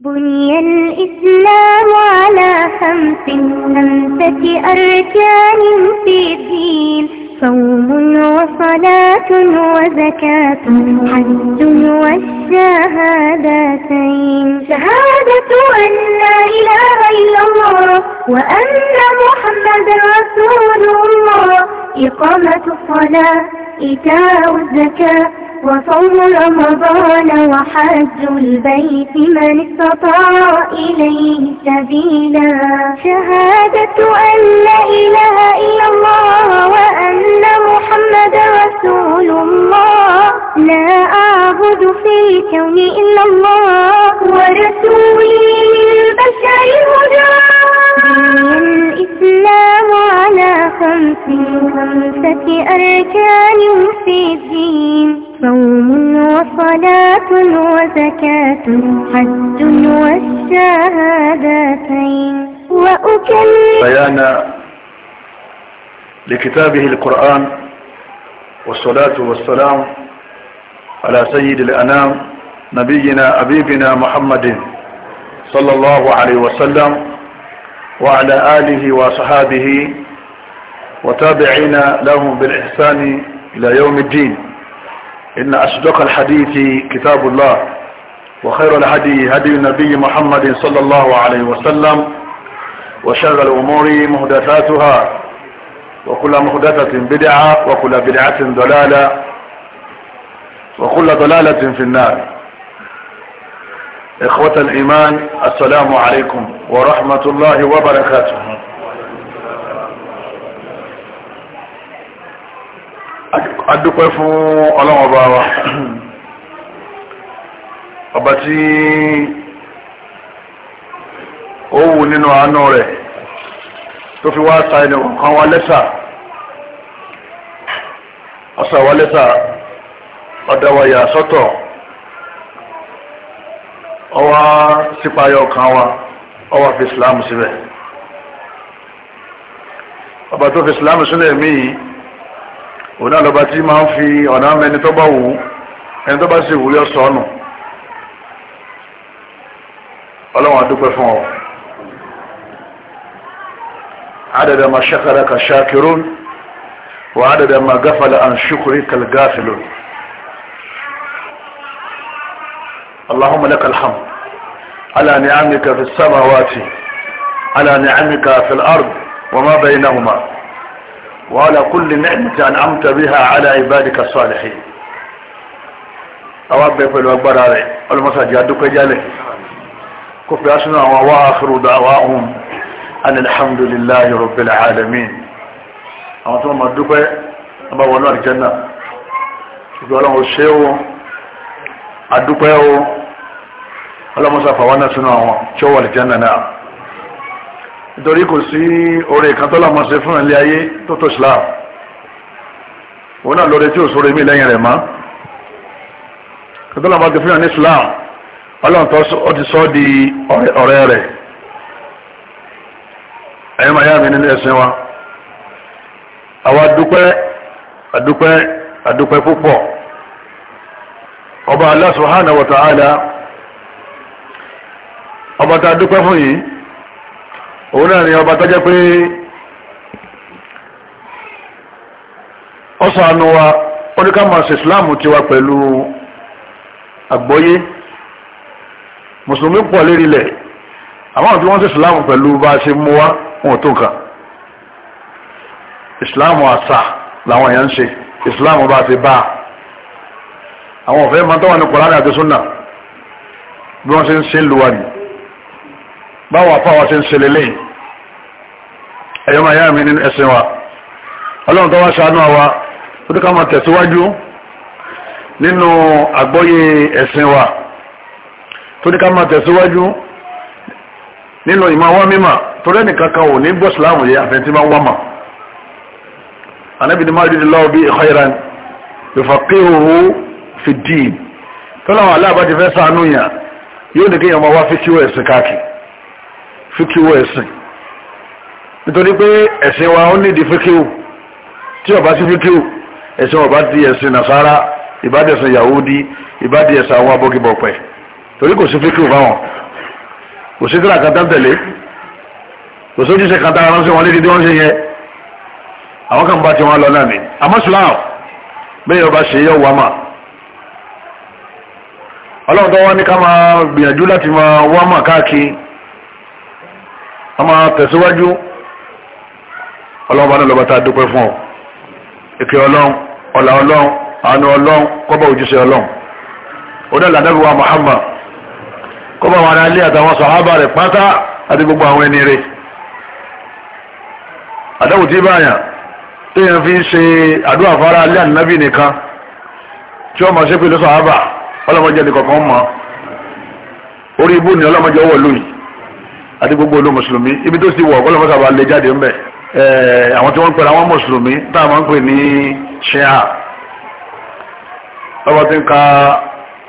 بني الإسلام على خمس خمسة أركان في الدين صوم وصلاة وزكاة حج والشهادتين شهادة أن لا إله إلا الله وأن محمد رسول الله إقامة الصلاة إيتاء الزكاة وصوم رمضان وحج البيت من استطاع إليه سبيلا شهادة أن لا إله إلا الله وأن محمد رسول الله لا أعبد في الكون إلا الله ورسولي للبشر هدى الإسلام على خمس خمسة أركان في الدين وصلاة وزكاة حج والشهادتين وأكلم بيان لكتابه القرآن والصلاة والسلام على سيد الأنام نبينا أبيبنا محمد صلى الله عليه وسلم وعلى آله وصحابه وتابعين لهم بالإحسان إلى يوم الدين إن أصدق الحديث كتاب الله وخير الهدي هدي النبي محمد صلى الله عليه وسلم وشر الأمور مهدثاتها وكل مهدثة بدعة وكل بدعة ضلالة وكل ضلالة في النار إخوة الإيمان السلام عليكم ورحمة الله وبركاته adúpẹ́ fún ọlọ́run ọba wa ọba tí ó wù nínú àánú rẹ̀ tó fi wá sa ẹni kan wá lẹ́sà ọ̀sà wá lẹ́sà ọ̀dà yà sọ́tọ̀ ọwá sípayọ̀ kan wa ọwá fi Islam síbẹ̀ ọba tó fi Islam sílẹ̀ míì. òun náà lọ́ba tí máa ń fi ọ̀nà mẹ́ni tó bá wù ú ẹni tó bá sì wúlé ọ̀sọ̀ ọ̀nù ọlọ́wọ́n adúpẹ́ fún ọ. عدد ما شكرك شاكرون وعدد ما غفل عن شكرك الغافلون اللهم لك الحمد على نعمك في السماوات على نعمك في الأرض وما بينهما وعلى كل نعمة أنعمت بها على عبادك الصالحين أواب pẹ̀lú agbára rẹ̀ ọlọ́mọsàjì adúpẹ́ jálẹ̀ kò fi aṣínú àwọn wá àfúrú dáwàáhùn alhamdulillahi rabbil alamin àwọn tó mọ̀ dúpẹ́ ọba wọnú àrìjẹ́nà ìgbẹ́ ọlọ́run ṣe ó adúpẹ́ ó ọlọ́mọsàfà wọnà sínú àwọn tí ó wà àrìjẹ́nà náà nítorí kò sí oore kan tó ṣe fún ilé ayé tó tó Islam òun náà lóore tí ò sóore mí lẹ́yìn rẹ̀ mọ́ kò tó lámọ̀ ṣe fún ilé ọlọ́run tó ti di ọ̀rẹ́ rẹ̀ yá mi nínú ẹ̀sìn wa ọba ọba a dúpẹ́ fún òun náà ni ọba tó jẹ́ pé ọsàn àánú wa ó ní ká máa ṣe islam tiwa pẹ̀lú àgbọ́yé mùsùlùmí pọ̀ lérí lẹ̀ àwọn tí wọ́n ṣe islam pẹ̀lú bá a ṣe mú wa wọn ò tó kàn islam àṣà làwọn èèyàn ṣe islam bá ṣe bá àwọn ọ̀fẹ́ máa tọ́wọ́ ní kùránì àti súnà bí wọ́n ṣe ń ṣe ń lu wa nì báwọn afáwọn ṣe ń ṣe lélẹ́yìn ẹ̀yọ́ máa yá mi nínú ẹ̀sìn wa ọlọ́run tó wá ṣàánú wa ó dúkà máa tẹ̀síwájú nínú àgbọ́yé ẹ̀sìn wa tó dúkà máa tẹ̀síwájú nínú ìmọ̀ wọn mímọ̀ torí ẹnìkan kan ò ní gbọ́ síláàmù yẹ àfẹ́ntì máa ń wá mọ̀ anábìdí máa dídí lọ́wọ́ bí khairan yufaqihuhu fi ddin tọ́lá wọn aláàbá fẹ́ ṣàánú yàn yóò ní kéèyàn máa wá fíkíwọ̀ ẹ̀sìn káàkiri fíkíwọ̀ ẹ̀sìn nítorí pé ẹ̀sìn wa ó nídìí fíkíw tí ọba sí fíkíw ẹ̀sìn ọba di ẹ̀sìn nàṣàrà ìbádìí ẹ̀sìn yahudi ìbádìí ẹ̀sìn àwọn abọ́gibọ̀pẹ̀ torí kò sí fíkíw fáwọn kò sí tíra kan tẹ́tẹ̀lé kò sí ojúṣe kan tára ránṣẹ́ wọn lédi tí wọ́n ṣe yẹ àwọn kan bá ti wọn lọ náà ni àmọ́ bẹ́ẹ̀ ọba ṣe yẹ wàmà ọlọ́run tó wá ní ká máa gbìyànjú láti máa wàmà káàkiri ọlọ́run bá náà lọ́ba tá a dúpẹ́ fún ọ ìkẹ́ ọlọ́run ọ̀là ọlọ́run àánú ọlọ́run kọ́bà òjíṣẹ́ ọlọ́run onílẹ̀ ànábì wa Muhammad kọ́bà wọn alẹ́ àtàwọn sàhábà rẹ̀ pátá àti gbogbo àwọn ẹni rẹ̀ àdáwò tí báyà téèyàn fi ń ṣe àdúrà fara alẹ́ ànábì nìkan tí wọ́n máa ṣe pé lọ́sàhábà ọlọ́mọdé ẹni kọ̀ọ̀kan mọ́ orí ibú ni ọlọ́mọdé ọwọ́ lóyìn àti gbogbo olú mùsùlùmí ibi tó ti wọ̀ ọlọ́mọdé àbá lè jáde ńbẹ̀ àwọn tí wọ́n ń pè àwọn mùsùlùmí tá a máa ń pè ní ṣíà lọ́wọ́ tí ń ka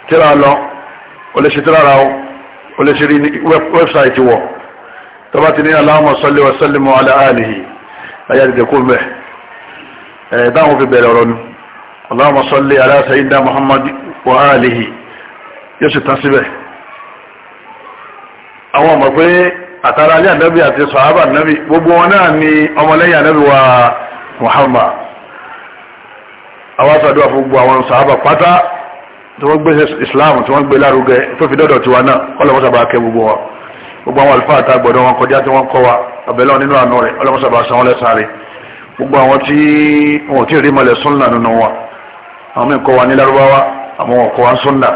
tíra lọ o lè ṣe tíra ra o o lè ṣe rí ní wẹ́bsáìtì wọ̀ tó bá ti ní Allahumma salli wa sallim ala alihi ayé àti mẹ́ ẹ̀ fi bẹ̀rẹ̀ ọ̀rọ̀ nu Allahumma salli àtàrà alẹ́ ànábì àti sọ̀hábà ànábì gbogbo wọn náà ni ọmọlẹ́yìn ànábì wa Muhammad àwọn àtàdúrà fún gbogbo àwọn sọ̀hábà pátá tí wọ́n gbé Islam tí wọ́n gbé lárugẹ tó fi dọ́dọ̀ tiwa náà ọlọ́mọsàbà kẹ gbogbo wa gbogbo àwọn àlùfáà tá gbọ́dọ̀ wọn kọjá tí wọ́n kọ́ wa àbẹ̀lọ́ nínú àánú rẹ̀ ọlọ́mọsàbà sanwó lẹ́sàárẹ̀ gbogbo àwọn tí wọn ò rí mọ́lẹ̀ sunna nínú wa àwọn mí kọ́ wa ní lárúbáwá àwọn ọ̀kọ́ wa sunna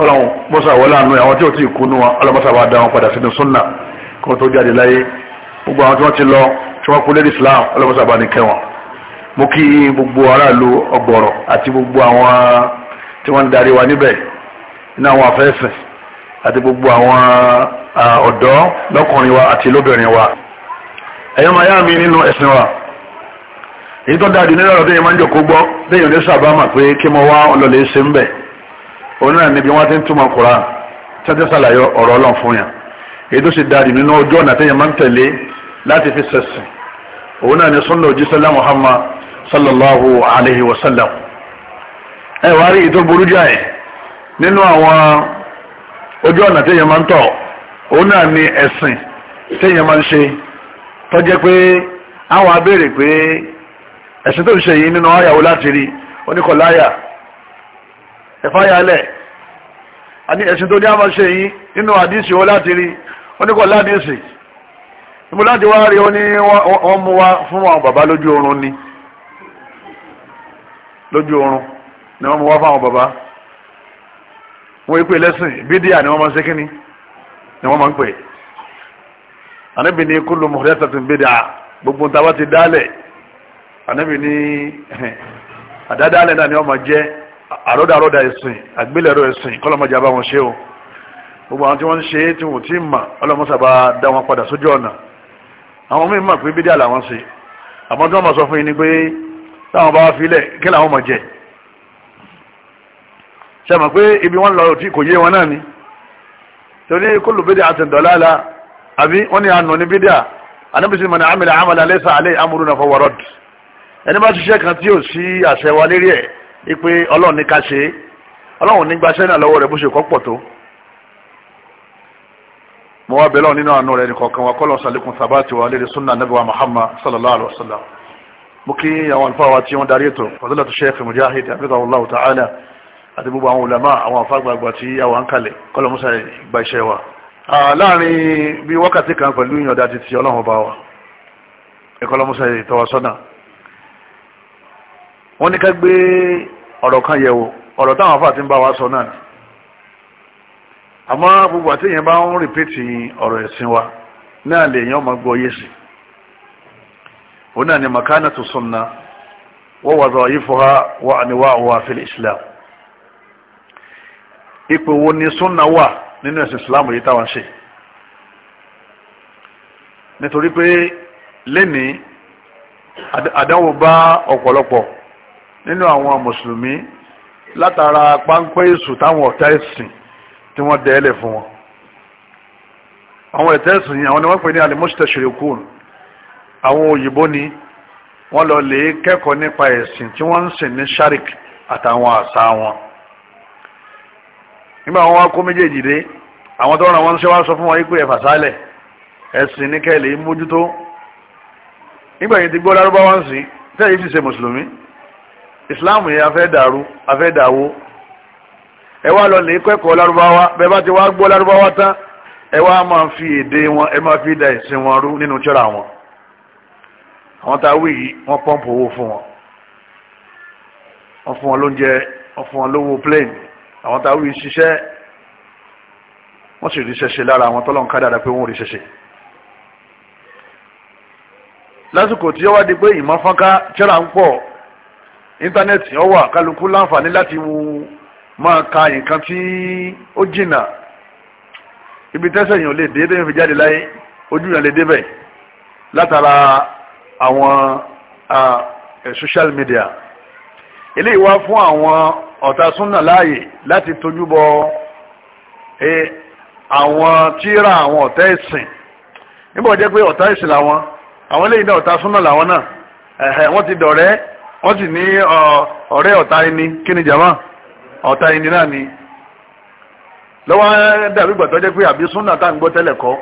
kọ́lọ́hún mọ́sá wọlé àánú àwọn tí ò tí ì kú nu wọn ọlọ́mọ́sá wa dá wọn padà sínú sunna kó tó jáde láyé gbogbo àwọn tí wọ́n ti lọ tí wọ́n kú lédi islam ọlọ́mọ́sá bá ní kẹwọn mo kí gbogbo aráàlú ọgbọ̀rọ̀ àti gbogbo àwọn tí wọ́n ń darí wa níbẹ̀ nínú àwọn afẹ́sìn àti gbogbo àwọn ọ̀dọ́ lọ́kùnrin wa àti lóbìnrin wa ẹ̀yọ́ máa yá mi nínú ẹ̀sìn wa èyí tó dáadé nílẹ̀ ọ̀rọ̀ tó yẹ máa ń jòkó gbọ́ déyìn ní pé kí mo wá ọlọ́lẹ̀ ṣe ń bẹ̀ òun náà níbi wọ́n ti ń túmọ̀ koran tẹ́tẹ́ sàlàyé ọ̀rọ̀ ọlọ́run fún yàn èyí tó ṣe dáàdì nínú ojú ọ̀nà tẹ́yẹ máa ń tẹ̀lé láti fi sẹ̀sìn òun náà ni sunna òjíṣẹ́ Muhammad sallallahu alayhi wa sallam ẹ wá rí ìtò burú jáì nínú àwọn ojú ọ̀nà tẹ́yẹ máa ń tọ̀ òun náà ni ẹ̀sìn tẹ́yẹ máa ń ṣe tọ́jẹ́ pé àwọn abéèrè pé ẹ̀sìn tó ń ṣe yìí nínú àyàwó láti rí oníkọ̀láyà ẹ̀fáyàlẹ̀ àní ẹ̀sìn tó ní àmà ṣe yìí nínú àdísì ó láti rí oníkọ̀ ládìsì ìmú láti wá rí oní wọ́n mú wá fún àwọn bàbá lójú oorun ni lójú oorun ni wọ́n mú wá fáwọn bàbá wọ́n pè lẹ́sìn bídíà ni wọ́n máa ń ṣe kíní ni wọ́n máa ń pè ànábì ní kullu bídíà gbogbo ń tabá ti dálẹ̀ ànábì àdádálẹ̀ náà ni wọ́n máa jẹ́ àrọ́dàrọ́dà ẹ̀sìn àgbélẹ̀rọ ẹ̀sìn kọ́lọ́mọjà bá wọn ṣe o gbogbo àwọn tí wọ́n ń ṣe tí wọ́n ti mà ọlọ́mọsàbá dá wọn padà sójú ọ̀nà àwọn míì mà pé bídíà làwọn ṣe àmọ́ tí wọ́n mọ̀ sọ fún yín ni pé táwọn bá wá filẹ̀ kí làwọn mọ̀ jẹ ṣe mọ̀ pé ibi wọ́n lọ tí kò yé wọn náà ni torí kólù bídíà àti dọ̀láàlà àbí wọ́n ní àná ní bídíà anábìsí mọ̀ ní àmìlà àmàlà lẹ́sà àlẹ́ àmúrúnà fọwọ́rọ́d ẹni bá ṣiṣẹ́ kan tí ò sí àṣẹ wa lérí ẹ̀ ipe ọlọ́run ní ká ṣe é ọlọ́run ní gbaṣẹ́ náà lọ́wọ́ rẹ̀ bó ṣe kọ́ pọ̀ tó mo wá bẹ̀rẹ̀ nínú àánú rẹ̀ nìkọ̀ọ̀kan wa kọ́lọ̀ sàlékún sàbáàtì wa lérí sunna nabi wa muhammad sallallahu alaihi wa sallam mo kí àwọn àlùfáà wa tí wọ́n darí ètò fàdúlà tó sheikh mujahid abdullahu ta'ala àti gbogbo àwọn ulama àwọn afágbàgbà tí àwọn ń kalẹ̀ kọ́lọ̀ musa gba iṣẹ́ wa. láàrin bí wákàtí kan pẹ̀lú ìyọ̀dá ti ti ọlọ́run bá wa ẹ̀kọ́lọ́ musa ìtọ́wọ́sọ́nà wọ́n ní ká gbé ọ̀rọ̀ kan yẹ̀wò ọ̀rọ̀ táwọn afa ti ń bá wa sọ náà àmọ́ gbogbo àti èèyàn bá ń rìpíìtì ọ̀rọ̀ ẹ̀sìn wa náà lè èèyàn máa gbọ́ yéèsì òun náà ni makanatu sunna wa wadhaifuha wa anwa'uha fil islam ipò wo ni sunna wà nínú ẹ̀sìn islam yìí táwọn ṣe nítorí pé lẹ́ni àdánwò bá ọ̀pọ̀lọpọ̀ nínú àwọn mùsùlùmí látara páńpẹ́ èṣù táwọn ọ̀tá ẹ̀sìn tí wọ́n dẹ́lẹ̀ fún wọn àwọn ẹ̀tẹ́ ẹ̀sìn yìí àwọn ni wọ́n pè ní alimusitashirikun àwọn òyìnbó ni wọ́n lọ lè kẹ́kọ̀ọ́ nípa ẹ̀sìn tí wọ́n ń sìn ní sharik àtàwọn àṣà wọn nígbà wọn wá kó méjèèjì dé àwọn tó ràn wọn ṣe wá sọ fún wọn yìí pé ẹ̀fà sálẹ̀ ẹ̀sìn ní kẹ́lẹ̀ mójútó nígbà yìí ti gbọ́ lárúbáwá ń sìn ti ṣe mùsùlùmí islam yẹn afẹ́ dàrú afẹ́ dàwó ẹ wá lọ lè kẹ́kọ̀ọ́ lárúbáwá bẹ́ẹ̀ bá ti wá gbọ́ lárúbáwá tán ẹ wá máa fi èdè wọn ẹ máa fi da ìsìn wọn rú nínú tíra wọn àwọn tá a wí yìí wọ́n pọ́ǹpù owó fún wọn wọ́n fún wọn lóúnjẹ wọ́n fún wọn lówó plane àwọn tá a wí ṣiṣẹ́ wọ́n sì rí ṣẹṣẹ lára àwọn tọ́lọ́ ń ká dára pé wọ́n rí ṣẹṣẹ lásìkò tí ó wá di pé ìmọ̀ fọ́nká tíra ń pọ̀ íńtánẹ́ẹ̀tì ó wà kálukú láǹfààní láti wo máa ka nǹkan tí ó jìnnà ibi tẹ́sẹ̀ yìí ò lè dé déyìn fi jáde láyé ojú yẹn lè débẹ̀ látara àwọn social media eléyìí wá fún àwọn ọ̀tá súnà láàyè láti tójú bọ àwọn tíra àwọn ọ̀tá ẹ̀sìn níbo jẹ́ pé ọ̀tá ẹ̀sìn làwọn àwọn eléyìí náà ọ̀tá súnà làwọn náà wọ́n ti dọ̀rẹ́ wọ́n sì ní ọ̀rẹ́ ọ̀tá ẹni kí ni jama ọ̀tá ẹni náà ni lọ́wọ́ dàbí gbàtọ́ jẹ́ pé àbí súnà tá à ń gbọ́ tẹ́lẹ̀ kọ́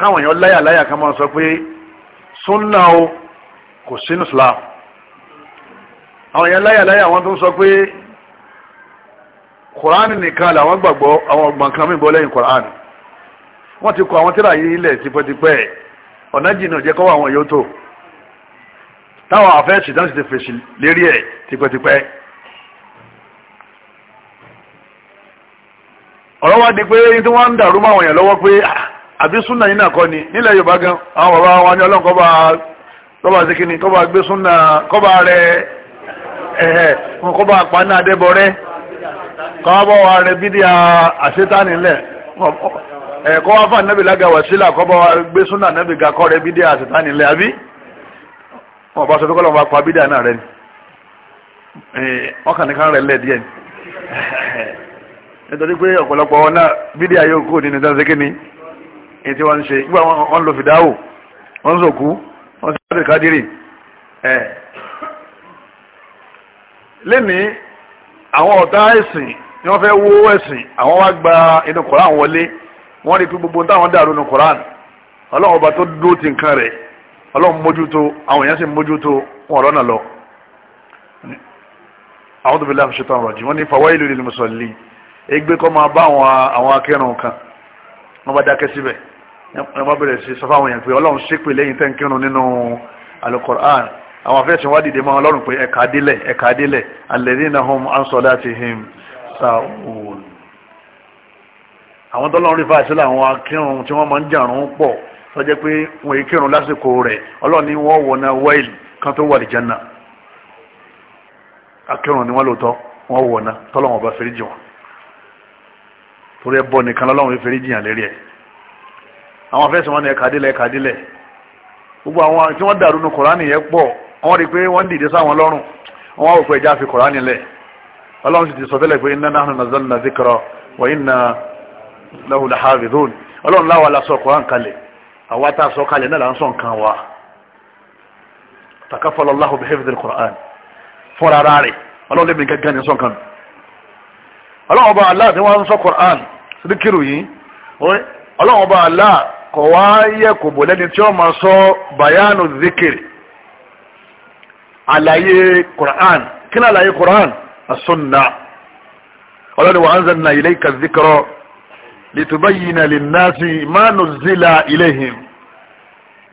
káwọn èèyàn láyà láyà kan máa sọ pé súnà o kò sínú Islam àwọn èèyàn láyà láyà wọ́n tún sọ pé kùránì nìkan làwọn gbàgbọ́ àwọn ọgbọ̀n kan mìíràn lẹ́yìn kùránì wọ́n ti kọ àwọn tíra yìí ilẹ̀ tipẹ́tipẹ́ ọ̀nà jìnnà jẹ́ kọ́wọ́ àwọn yòótọ́ táwọn ti fèsì lérí ẹ̀ tipẹ́tipẹ́. wa di pé tí wọ́n ń dàrú máwọn èèyàn lọ́wọ́ pé ah, àbí súnà náà ni nílẹ̀ Yorùbá gan àwọn bàbá wa ní ọlọ́run kọ́ba kọ́ba sí kíni kọ́ba gbé súnà kọ́ba rẹ ẹ̀hẹ̀ wọn kọ́ba paná adébọ̀rẹ́ kọ́ba wa rẹ bídí àṣetánì lẹ̀ ẹ̀kọ́ wa fà nẹ́bí kọ́ba gbé rẹ bídí àṣetánì lẹ̀ àbí. wọn bá sọ pé kọ́lọ́mù bá pa bídà náà rẹ ni wọn kàn ní ká rẹ lẹ̀ díẹ̀ ni nítorí pé ọ̀pọ̀lọpọ̀ wọn náà bídà yóò kó nínú dáńsẹ́ ni èyí tí wọ́n ń ṣe nígbà wọn lò fìdáwò wọ́n sòkú wọ́n sì ṣe kádìrì lénìí àwọn ọ̀tá ẹ̀sìn ni wọ́n fẹ́ wó ẹ̀sìn àwọn wá gba inú Kùránì wọlé wọ́n rí pé gbogbo táwọn dàrú inú Kùránì ọlọ́run ọba tó dúró ti nǹkan rẹ̀ ọlọ́run mójútó àwọn èèyàn sì mójútó wọn ọ̀rọ̀ náà lọ àwọn tó fi láti ṣe tán rọ̀jì wọ́n ní fawailu lil musallin egbe kọ́ máa bá àwọn akẹ́rùn kan wọ́n bá dákẹ́ síbẹ̀ wọ́n bá bẹ̀rẹ̀ sí sọ fáwọn èèyàn pé ọlọ́run ṣépè lẹ́yìn tẹ́ ń kírun nínú alukur'an àwọn afẹ́sìn wá dìde mọ́ ọlọ́run pé ẹ̀ka délẹ̀ ẹ̀ka délẹ̀ alladhina hum an salatihim sa'un àwọn tọ́lọ́run rí fáṣílẹ̀ àwọn akẹ́rùn tí wọ́n máa tọ́jẹ́ pé wọn èké irun lásìkò rẹ̀ ọlọ́run ni wọ́n wọ̀ náà kan tó wà lè jẹ́nà akẹ́rùn ni wọ́n lò tọ́ wọ́n wọ̀ náà bá fèrè nìkan fèrè lérí wọn ni ẹ̀ka ẹ̀ka gbogbo àwọn tí wọ́n dàrú nu yẹn pọ̀ wọ́n rí i pé wọ́n dìde sáwọn lọ́rùn wọ́n wò pé ẹja fi lẹ̀ ọlọ́run sì ti sọ pé àwa tá a sọ kalẹ̀ náà là ń sọ nǹkan wa takafala Allahu bi hifdhil Qur'an fúnra ara rẹ̀ ọlọ́run lè mi gángan ní sọ nǹkan ọlọ́run ọba Allah ni wọ́n ń sọ Qur'an sídìkìrù yìí ọlọ́run ọba Allah kọ̀ wá yẹ kò bò lẹ́ni tí ó máa sọ bayanu zikiri àlàyé Qur'an kí ni Qur'an as-sunnah ọlọ́run wa anzalna ilayka dhikra litubayyina linnasi ma nuzila ilayhim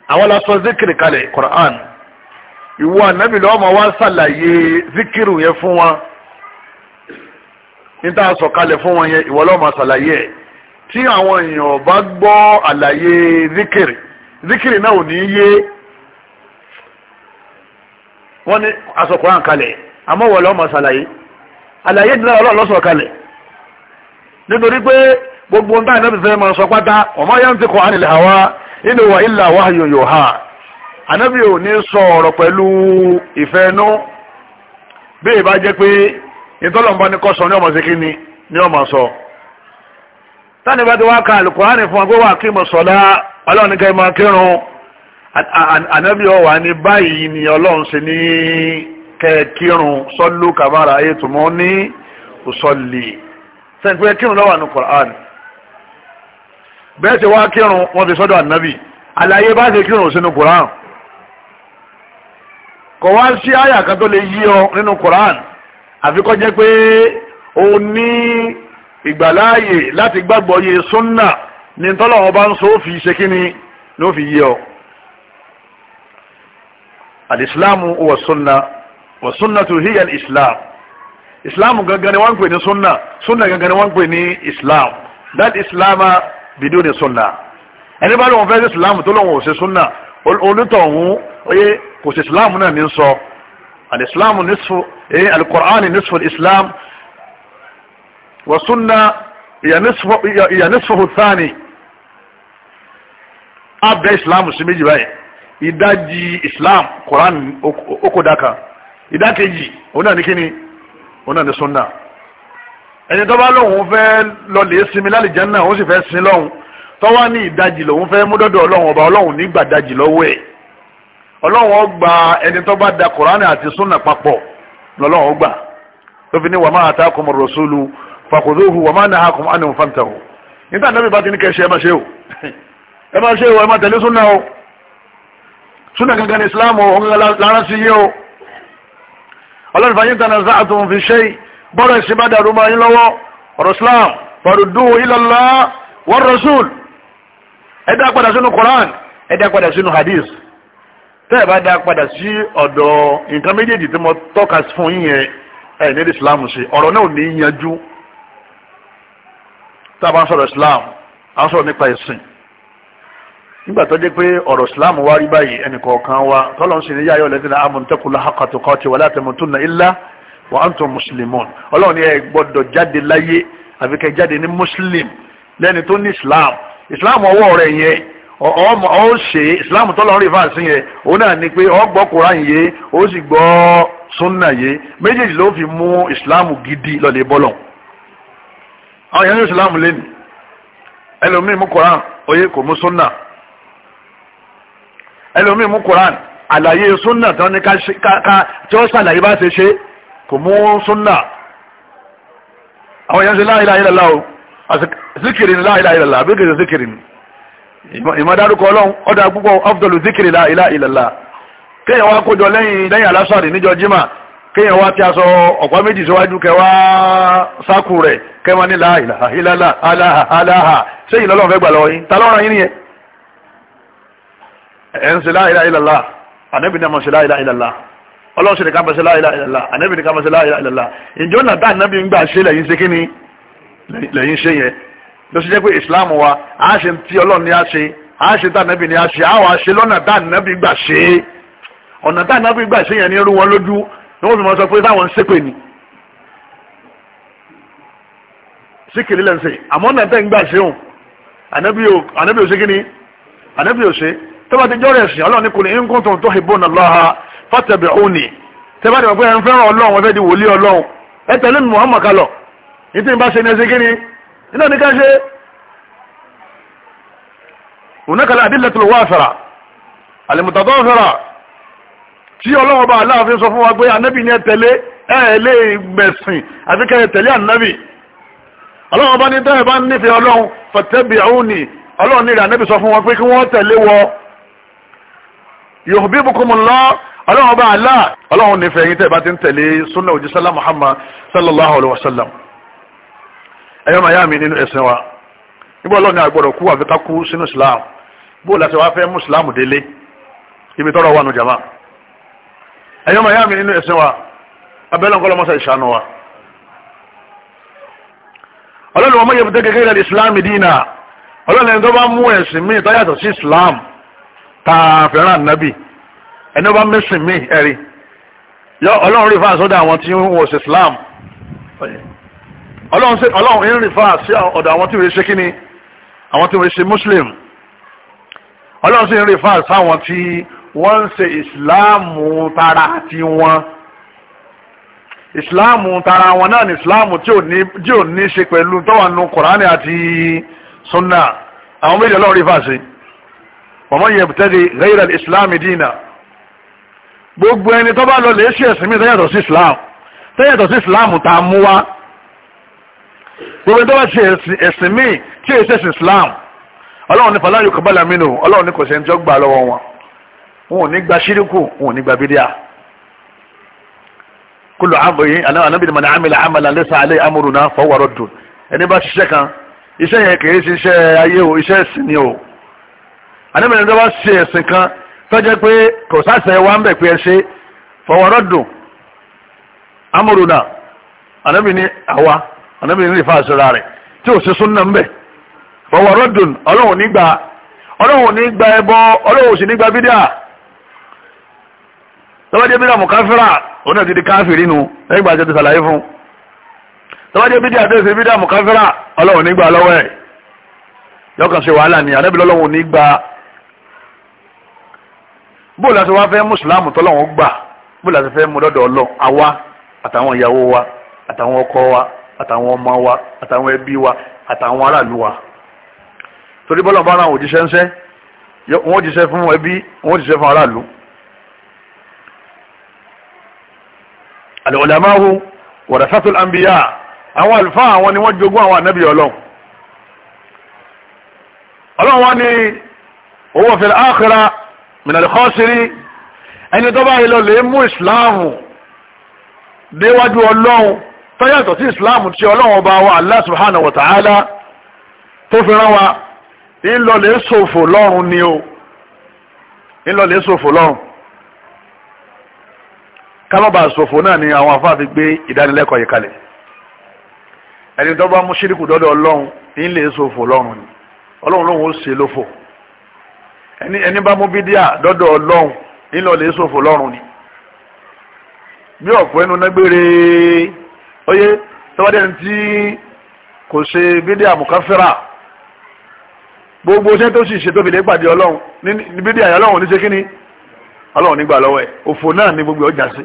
àwọn lásọ zikiri kalẹ̀ Qur'an ìwọ ànábì lọ́wọ́ ma wá sàlàyé zikiru yẹn fún wọn níta sọ kalẹ̀ fún wọn yẹn ìwọ lọ́wọ́ ma sàlàyé ẹ̀ tí àwọn èèyàn bá gbọ́ àlàyé zikiri zikiri náà ò ní yé wọ́n ní aṣọ Qur'an kalẹ̀ àmọ́ ìwọ lọ́wọ́ ma sàlàyé àlàyé ìdílé ọlọ́ọ̀lọ́sọ̀ kalẹ̀ nítorí pé gbogbo ń dáhìn nábì sẹ́yìn máa sọ pátá ọmọ yá ń ti kọ́ ànilẹ̀ àwa inú wa ilà wáyò yò ha ànábì ò ní sọ ọ̀rọ̀ pẹ̀lú ìfẹ́ inú bí ìbá jẹ́ pé ìtọ́lọ̀mbá ní kọ́ sọ ní ọmọ sí ni ní ọmọ sọ tani bá ti wá ka alukurani fún agbó wa kí mo sọlá ọlọ́run ní ká máa kírun ànábì ọ̀wà ní báyìí ni ọlọ́run ṣe ní kẹ́ kírun sọ́lú kàmára ayé tùmọ́ ní òsọ̀lì sẹ́ńpẹ́ kírun lọ́wọ́ ànú kọ̀ọ̀án bẹ́ẹ̀ ti wá kírun wọ́n fi sọ́dọ̀ ànábì àlàyé bá ti kírun sínú koran kò wá sí àyà kan tó lè yí ọ nínú koran àfi kọ́ jẹ́ pé o ní ìgbàláàyè láti gbàgbọ́ yé súnà ní tọ́lọ́wọ́n bá ń so fi ṣe kíni ló fi yí ọ alìsílámù wà súnà wà súnà tó híyà islam islam gangan ni wọ́n ń pè ní súnà súnà gangan ni wọ́n ń pè ní islam that islam. Uh, bìdó ni sunna ẹni bá lóun fẹ́ ṣe sùlámù tó lóun ò ṣe sunna onítọ̀hún oyè kò ṣe sùlámù náà ní sọ alìsùlámù nisfu ẹ̀yìn alìkùránì nisfu islam wà sunna ìyà nisfu hùtánì abẹ́ islam sí méjì báyìí ìdajì islam kùránì okòdaka ìdákejì onáà ní kíni onáà ní sunna ẹni tó bá lóun fẹ́ lọlé sinmi lálìjánnà ó sì fẹ́ sin lọ́hùn tó wá ní ìdajì lòun fẹ́ mú dọ́dọ̀ ọlọ́run ọba ọlọ́run nígbà dajì lọ́wọ́ ẹ̀ ọlọ́run ó gba ẹni tó bá da kùránì àti súnà papọ̀ lọ́lọ́run ó gbà tó fi ní wàmá àtàkùn rọ̀ṣúlù fàkùdúhù wàmá nàákùn ánìhùn fàǹtàhù nígbà náà bá ti ní kẹṣẹ ẹ má ṣe o ẹ má ṣe o ẹ bọ́rọ̀ ẹ̀sìn bá dàrú máa yín lọ́wọ́ ọ̀rọ̀ islam farudú ilọ̀lá wọ́n rasul ẹ padà sínú quran ẹ dá padà sínú hadith tẹ́ ẹ bá dá padà sí ọ̀dọ̀ nǹkan méjèèjì tí mo tọ́ka fún yín yẹn ẹ ní islam ṣe ọ̀rọ̀ náà ò ní yanjú tá a bá ń sọ̀rọ̀ islam à ń sọ̀rọ̀ nípa ẹ̀sìn nígbà tó dé pé ọ̀rọ̀ islam wá rí báyìí ẹnì kọ̀ọ̀kan wa tọ́lọ́ wa antum ọlọ́run gbọ́dọ̀ jáde láyé àfi jáde ní muslim lẹ́ni tó ní islam islam ọwọ́ rẹ̀ yẹn ọ ṣe islam tọ́lọ́run rí fáǹsì yẹn òun náà ni pé ọ gbọ́ koran yẹ ó sì gbọ́ sunna yé méjèèjì ló fi mú islam gidi lọ́lẹ̀ bọ́lọ̀ àwọn ní islam lẹ́nu ẹlòmíì mú koran oyè kò mú sunna ẹlòmíì mú koran àlàyé sunna ká bá ṣe kò mú súnà àwọn èèyàn ṣe la ilaha illallah o zikiri ni la ilaha illallah bí kìí ṣe zikiri ni ìmọ̀dárúkọ ọlọ́run ọ̀dà púpọ̀ afdalu zikiri la ilaha illallah kéèyàn wá kójọ lẹ́yìn lẹ́yìn alásàrì níjọ jimá kéèyàn wá tí a sọ ọ̀pá méjì síwájú kẹwàá sákù rẹ̀ kẹwàá ní la ilaha illallah aláha aláha ṣé ìlọ́lọ́run fẹ́ gbà ọlọ́run ṣẹlẹ̀ káfẹ́ sẹ́lá ìlà ìlàlá ànẹ́bì ní káfẹ́ sẹ́lá ìlà ìlàlá ìjọ náà tá ànẹ́bì ń gbà ṣe lẹ́yìn ṣe kíni lẹ́yìn ṣe yẹn ló ṣe jẹ́ pé ìsìláàmù wa a ṣe tí ọlọ́run ní a ṣe a ṣe tá ànẹ́bì ní a ṣe a wà ṣe lọ́nà tá ànẹ́bì gbà ṣe ọ̀nà tá ànẹ́bì gbà ṣe yẹn ní irú wọn lójú ni wọ́n fi mọ sọ pé táwọn ń ṣépè ni síkìrì lẹ́sẹ̀ àmọ́ ọ̀nà tẹ́ ń gbà ṣe òun ànẹ́bì ò ṣe kíni ànẹ́bì ò ṣe tó bá ti fọ́tẹ̀bẹ̀ òní tẹ́bá dẹ̀ pé ẹ̀ ń fẹ́ràn ọlọ́run ẹ fẹ́ di wòlíì ọlọ́run ẹ tẹ̀lé mi Muhammad kalọ̀ ní tí n bá ṣe ní ẹsẹ̀ kí ni iná ní ká ṣe ònàkàlà àdílẹ̀tò wà fẹ́ra àlèmùtàtọ́ fẹ́ra tí ọlọ́run bá aláàfin sọ fún wa pé anábì ní ẹ tẹ̀lé ẹ lè gbẹ̀sìn àti kẹ́ ẹ tẹ̀lé anábì ọlọ́run bá ní tẹ́ bá nífẹ̀ẹ́ ọlọ́run fọ́tẹ̀bẹ̀ yuhibbukumullah ọlọ́run ọba àlá ọlọ́run nífẹ̀ẹ́ yín tẹ́ bá ti ń tẹ̀lé sunna òjísàlá muhammad sallallahu alayhi wa sallam ẹ̀yọ́ màá yá mi nínú ẹ̀sìn wa níbo ọlọ́run àgbọ̀dọ̀ kú àfi ká kú sínú islam bó o láti wá fẹ́ mùsùlámù délé ibi tọ́rọ̀ wà nù jama ẹ̀yọ́ màá yá mi nínú ẹ̀sìn wa abẹ́lẹ́ nǹkan lọ́mọ́sá ìṣàánú wa ọlọ́run ọmọ yẹn fi tá fẹ́ràn nábì ẹni bá mẹ́sìn mí ẹ̀rí yọ ọlọ́run rí fáà sọ́dọ̀ àwọn tí wọ́n ṣe Islam ọlọ́run rí fáà sí ọ̀dọ̀ àwọn tí wọ́n ṣe kíni àwọn tí wọ́n ṣe Muslim ọlọ́run sì rí fáà sáwọn tí wọ́n ń ṣe Islam tara àti wọn Islam, tara wọn náà ní Islam tí ò ní ṣe pẹ̀lú tọ́wọ́nù Kùránì àti sunna àwọn méjì ọlọ́run rí fáà sí ọmọ yẹn tẹ́lẹ̀ gẹ́yìrà islam dínà gbogbo ẹni tó bá lọ lè ṣe ẹ̀sìn mi tẹ́yàtọ̀ sí islam tẹ́yàtọ̀ sí islam tá a mú wá gbogbo ẹni tó bá ṣe ẹ̀sìn mi tí èyí ṣẹ̀sìn islam ọlọ́run ní fàlàyé kọ́bálà mi nù ọlọ́run ní kò sẹ́ni tó gbà lọ́wọ́ wọn wọn ò ní gba ṣíríkù wọn ò ní gba bídíà kulu abu yi anabi anamọ̀lẹ́ ní wọ́n ṣe ẹ̀sìn kan tọ́jẹ́ pé kò sáṣẹ wa ń bẹ̀ pé ẹ ṣe fọwọ́rọ́ dùn amúrúnà anabi ní àwa anabi ní ìfà àṣírà rẹ̀ tí ò ṣe súnà ń bẹ̀ fọwọ́rọ́ dùn ọlọ́run nígbà ọlọ́run nígbà ẹbọ ọlọ́run sì nígbà bídíà tọ́wọ́jẹ́ bídíà mùkáfírà òun náà ti di káfíìrì nu ẹgbàá jẹ́ ti sàlàyé fún tọ́wọ́jẹ́ bídíà tẹ́sí bídíà mùkáfírà ọlọ́run nígbà lọ́wọ́ ẹ̀ yọkàn ṣe wàhálà ni anabi lọ́lọ́run nígbà bó la ṣe wá fẹ́ mùsùlùmù tọ́lọ́wọ́n gbà bó la ṣe fẹ́ mú lọ́dọ̀ ọlọ́ àwa àtàwọn ìyàwó wa àtàwọn ọkọ wa àtàwọn ọmọ wa àtàwọn ẹbí wa àtàwọn aráàlú wa torí bọ́lá bá ràn òjíṣẹ́ ńṣẹ́ wọ́n jíṣẹ́ fún ẹbí wọ́n jíṣẹ́ fún aráàlú. al-ulamahu warasatul anbiya àwọn àlùfáà àwọn ni wọ́n jogún àwọn ànábì ọlọ́run ọlọ́run wọn ni owó fil minal khasiri ẹni tó bá yẹ lọ lè mú ìsìláàmù déwájú ọlọ́run tó yàtọ̀ sí ìsìláàmù tí ọlọ́run ọba wa Allah subhanahu wa ta'ala tó fi rán wa ńlọ lè ṣòfò lọ́run ni o ńlọ lè ṣòfò lọ́run kálọ́bà ṣòfò náà ni àwọn afáàfi gbé ìdánilẹ́kọ̀ọ́ yìí ẹni tó bá mú ṣíríkù dọ́dọ̀ ọlọ́run ńlẹ̀ ṣòfò lọ́run ni ọlọ́run lóun ó ṣe lófò ẹni ẹni bá mú bídíà dọ́dọ̀ ọlọ́run nílò lè ṣòfò lọ́rùn ni bí ọ̀pọ̀ ẹnu nágbére oyé tọ́wádé ẹni tí kò ṣe bídíà mùkáfẹ́rà gbogbo iṣẹ́ tó sì ṣe tóbi lè pàdé ọlọ́run ní bídíà yà ọlọ́run ní ṣe kíni ọlọ́run nígbà lọ́wọ́ ẹ̀ òfò náà ní gbogbo ọjà sí.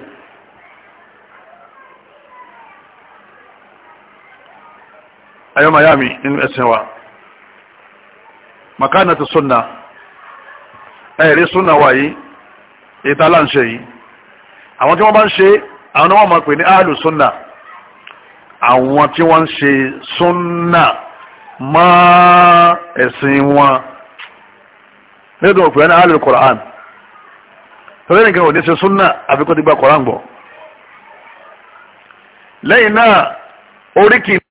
ayọ́mayá mi nínú ẹ̀sìn wa makana tó sunna ẹ̀rí súnà wà yìí ìta là ń ṣe yìí àwọn tí wọ́n bá ń ṣe àwọn ni wọ́n máa pè ní áàlù súnà àwọn tí wọ́n ń ṣe súnà mọ́ ẹ̀sìn wọn nínú òpin ní áàlù Qur'an torí nìkan ò ṣe súnà àfikún ti gba Qur'an gbọ́ lẹ́yìn náà oríkì